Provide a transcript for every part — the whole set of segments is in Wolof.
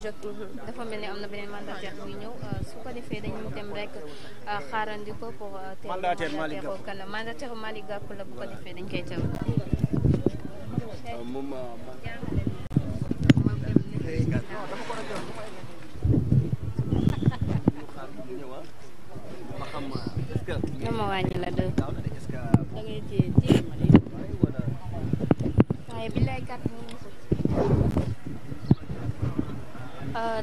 dafa mel ni am na beneen mandataire buy ñëw euh, su ko defee dañu mu dem rek euh, xaarandi ko pour. Euh, mandataire Malick Gakou la bu ko defee dañ koy teew. dama wàññi la dëgg.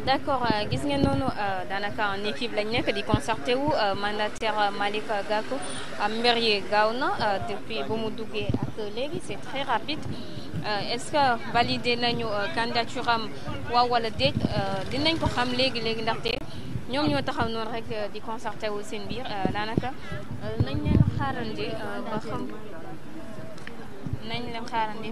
d' accord euh, gis ngeen noonu euh, daanaka en équipe lañ nekk di concerté wu euh, mandataire Malick am mbir yi gaaw na depuis bu mu duggee ak léegi c' est très rapide est ce que validé nañu candidature am waaw wala déet dinañ ko xam léegi léegi ndaxte ñoom ñoo taxaw noonu rek di concerté wu seen biir daanaka nañ leen xaarandi ba xam nañ leen xaarandi.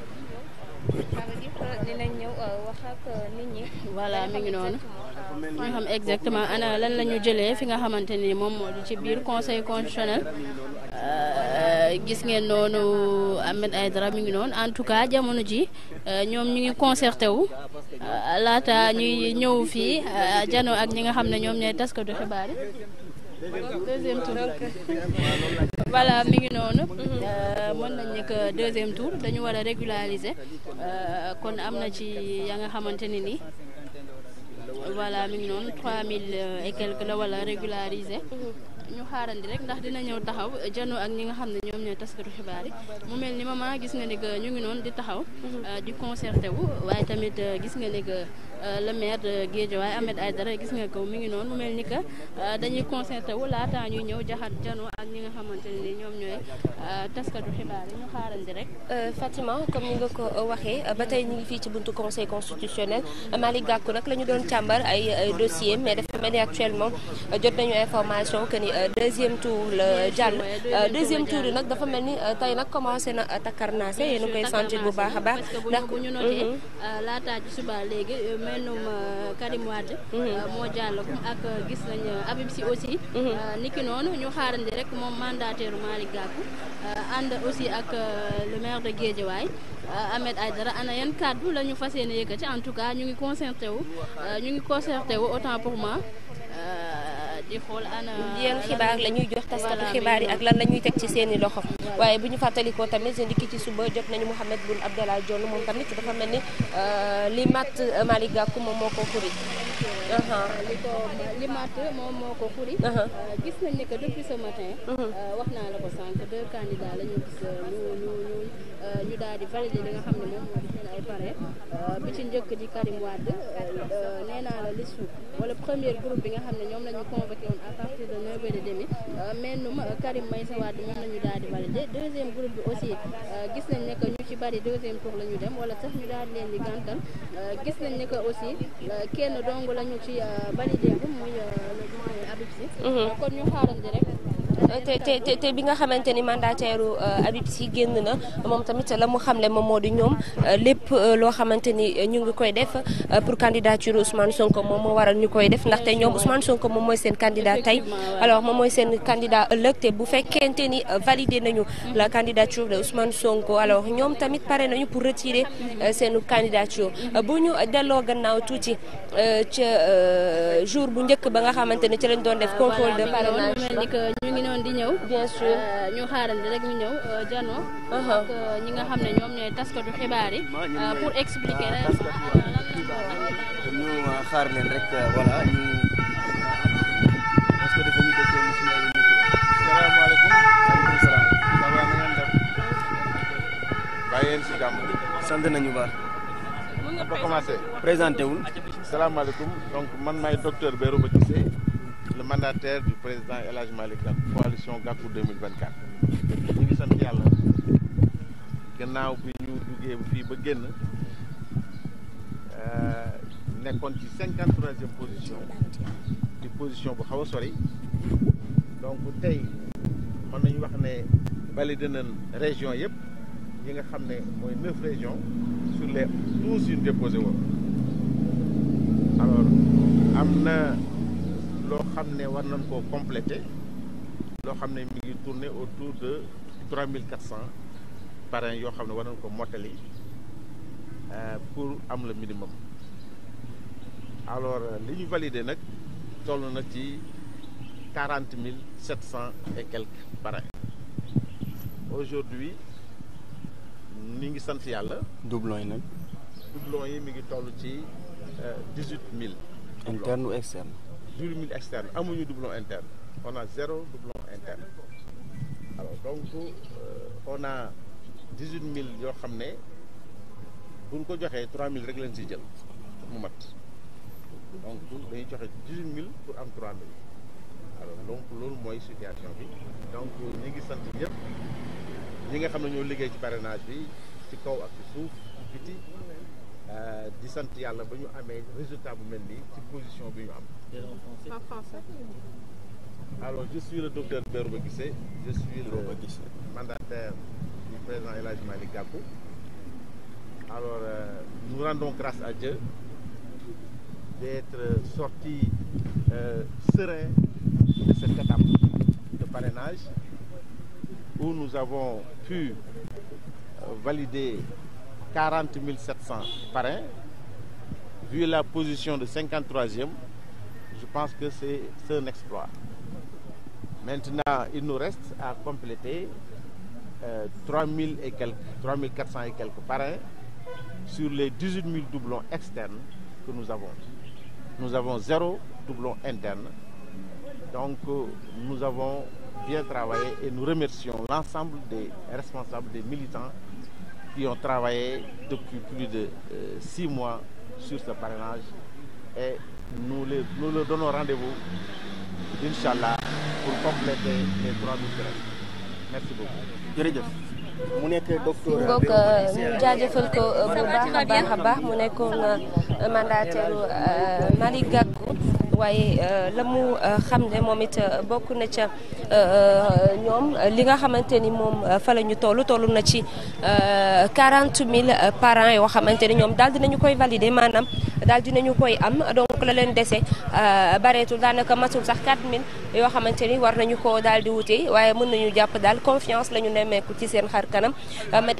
Euh, euh, nit ñi. voilà mi ngi noonu. mooy euh, xam exactement ana lan la ñu jëlee fi nga xamante ni moom moo ci biir conseil constitutionnel gis ngeen noonu ay dara mi ngi noonu en tout cas jamono ji ñoom ñu ngi concerté wu laata ñuy ñëw fii janoo ak ñi nga xam ne ñoom ñooy taskatu xibaar yi voilà mi ngi noonu euh, mën nañ ne que deuxième tour dañu war a régulariser euh, kon am na ci ya nga xamante ni nii voilà mi ngi noonu trois mille euh, et quelque la walla régulariser ñu di rek ndax dina ñëw taxaw janoo ak ñi nga xam ne ñoom ñooy taskatu xibaar yi mu mel ni maman gis nga ne que ñu ngi noonu di taxaw mm-hmm. di concerté wu waaye tamit gis nga ne que Euh, le maire de Guédiawaye Ahmed Aïdara gis nga ko mi ngi noonu mu mel ni que euh, dañuy concerté wu laata ñuy ñëw jaxat janoo ak ñi nga xamante ne ni ñoom ñooy euh, taskatu xibaar yi ñu xaarandi rek. Fatima comme ni nga ko waxee ba tey ñu ngi fii ci buntu conseil constitutionnel Malick Gakou nag la ñu doon càmbar ay dossier mais dafa mel ni actuellement jot nañu information que ni deuxième tour la jàll. deuxième tour yi nag dafa mel ni tey nag commencé na takkarnaase yéen a koy sentir bu baax a baax. mennum euh, Karim Wade mhm. euh, moo jàllagum ak euh, gis nañ Habib Sy aussi mhm. niki noonu ñu xaarandi rek moom mandataire Malick Gakou ànd aussi ak le maire de Guédiawaye Ahmed Aïdara ana yan kàddu la ñu fas yéene yëkkati en tout cas ñu ngi concerté wu ñu ngi concerté wu autant pour moi di xool ana yéen xibaar la ñuy jox taskatu xibaar yi ak lan la ñuy teg ci seeni loxo mm. waaye bu ñu fàttalikoo tamit ndiki ci suba jot nañu Mouhamed Boun Abdallah Dionne moom tamit dafa mel ni euh, li matt Malick Gakou moom moo ko xuri Marthe moom moo ko xuri euh, gis nañ ne que depuis ce matin mhm. euh, wax naa la ko sànq deux candidats la ñu gis euh, ñu ñu ñu ñu daal di validé li nga xam ne moom moo di seen ay pare bi ci njëkk di Karim Wade nee naa la liste wala premier groupe bi nga xam ne ñoom lañu ñu à partir de neuf heures demi mais nu Karim Meïssa Wade moom la ñu daal di validé deuxième groupe bi aussi gis nañ nekk que ñu ci bari deuxième tour la ñu dem wala sax ñu daal di leen di gàntal gis nañ ne que aussi kenn dong la ci validé le mois de Abib Sy. kon ñu xaarandi rek. Euh, te te te bi nga xamante ni mandataire euh, Habib Sy génn na moom tamit la mu xamle moom moo di ñoom euh, lépp loo xamante ni ñu ngi koy def pour candidature Ousmane Sonko moom moo waral ñu koy def ndaxte ñoom Ousmane Sonko moom mooy seen candidat tey alors moom mooy seen candidat ëllëg te bu fekkente ni validé nañu la candidature de Ousmane Sonko alors ñoom tamit pare nañu pour retirer seen candidature bu ñu delloo gannaaw tuuti ca jour bu njëkk ba nga xamante ni ci lañ doon def contrôle de parrainage ñëwoon di ñëw. bien sûr euh, ñu xaarandi rek ñu ñëw euh, jano uh-huh. ak euh, nga xam ne ñoom ñooy taskatu xibaar yi. pour expliquer ah, rek. ñu xaar leen rek voilà ñu. parce que dafa ñu dëkkee ñu suñu def. bàyyi yéen si jàmm. nañu ba commencé. présenté wul. salaamaaleykum donc man maay docteur Bérouba Cissé. mandataire du président El Hadj Malick Gakou coalition Gakou 2024 ñu ngi sant yàlla gannaaw bi ñu duggee fii ba génn euh, nekkoon ci cinquante troisième position di bu xaw a sori donc tey mën nañu wax ne validé nañ région yëpp yi nga xam ne mooy neuf régions sur les douze yu déposé woon alors am na xam ne war nañ koo complété loo xam ne mi ngi tourné autour de trois mille quatre cent parrains yoo xam ne war nañ ko mottali euh, pour am le minimum alors li ñu validé nag toll na ci quarante mille sept cent et quelques parrains aujourd'hui mi ngi sant yàlla doublon yi nag doublon yi mi ngi toll ci euh, dix-huit mille interne ou externe juri mille externe amuñu doublon interne on a zéro doublon interne alors donc euh, on a dix huit mille yoo xam ne buñ ko joxee trois mille rek lañ si jël mu mat donc dañuy joxe dix huit mille pour am trois mille alors donc loolu mooy situation bi donc ñi ngi sant ñëpp ñi nga xam ne ñoo liggéey ci parrainage bi ci kaw ak ci suuf ci biti Euh, di sant yàlla ba ñu amee résultat bu mel nii ci position bi ñu am. alors je suis le docteur Bérouba Guissé je suis le mandataire du président El Hadj Malick alors euh, nous rendons grâce à Dieu d'être sorti euh, serein de cette étape de parrainage où nous avons pu valider quarante mille sept cent parrains la position de cinquante troisième je pense que c'est c'est un exploit maintenant il nous reste à compléter euh, trois euh, mille et quelques mille quatre cent et quelques sur les dix-huit mille doublons externes que nous avons nous zéro doublon interne donc euh, nous avons bien travaillé et nous remercions l'ensemble des responsables des militants qui ont travaillé depuis plus de euh, six mois sur ce parrainage et nous, les, nous donnons rendez-vous, Inch'Allah, pour compléter les trois ministères. merci beaucoup jërëjëf. mu nekk docteur mbokk euh, euh, bu baax a baax a baax mu nekkoon mandataire Malick Gakou. waaye euh, la mu euh, xam ne moom it euh, bokk na ca ñoom li nga xamante ni moom fa la ñu toll toll na ci 40 000 parents yoo xamante ni ñoom daal nañu koy valider maanaam. daal dinañu koy am donc la leen dese euh, bareetul daanaka matul sax 4000 yoo xamante ni war nañu ko daal di wute waaye mën nañu jàpp daal confiance la ñu nemmeeku ci seen xar kanam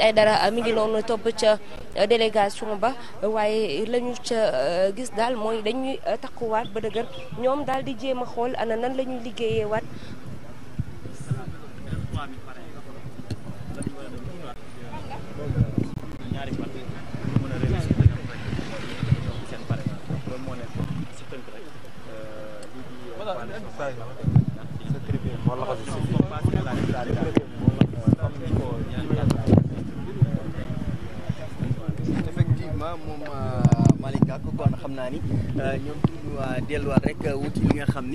ay dara euh, mi ngi noonu topp ca euh, délégation ba waaye la ñu ca gis daal mooy dañuy takkuwaat ba dëgër ñoom daal di jéem a xool ana nan la ñuy liggéeyee waat effectivement moom euh, Malick Gakou kon xam naa ni euh, ñoom ñu euh, delluwaat rek wuti li nga xam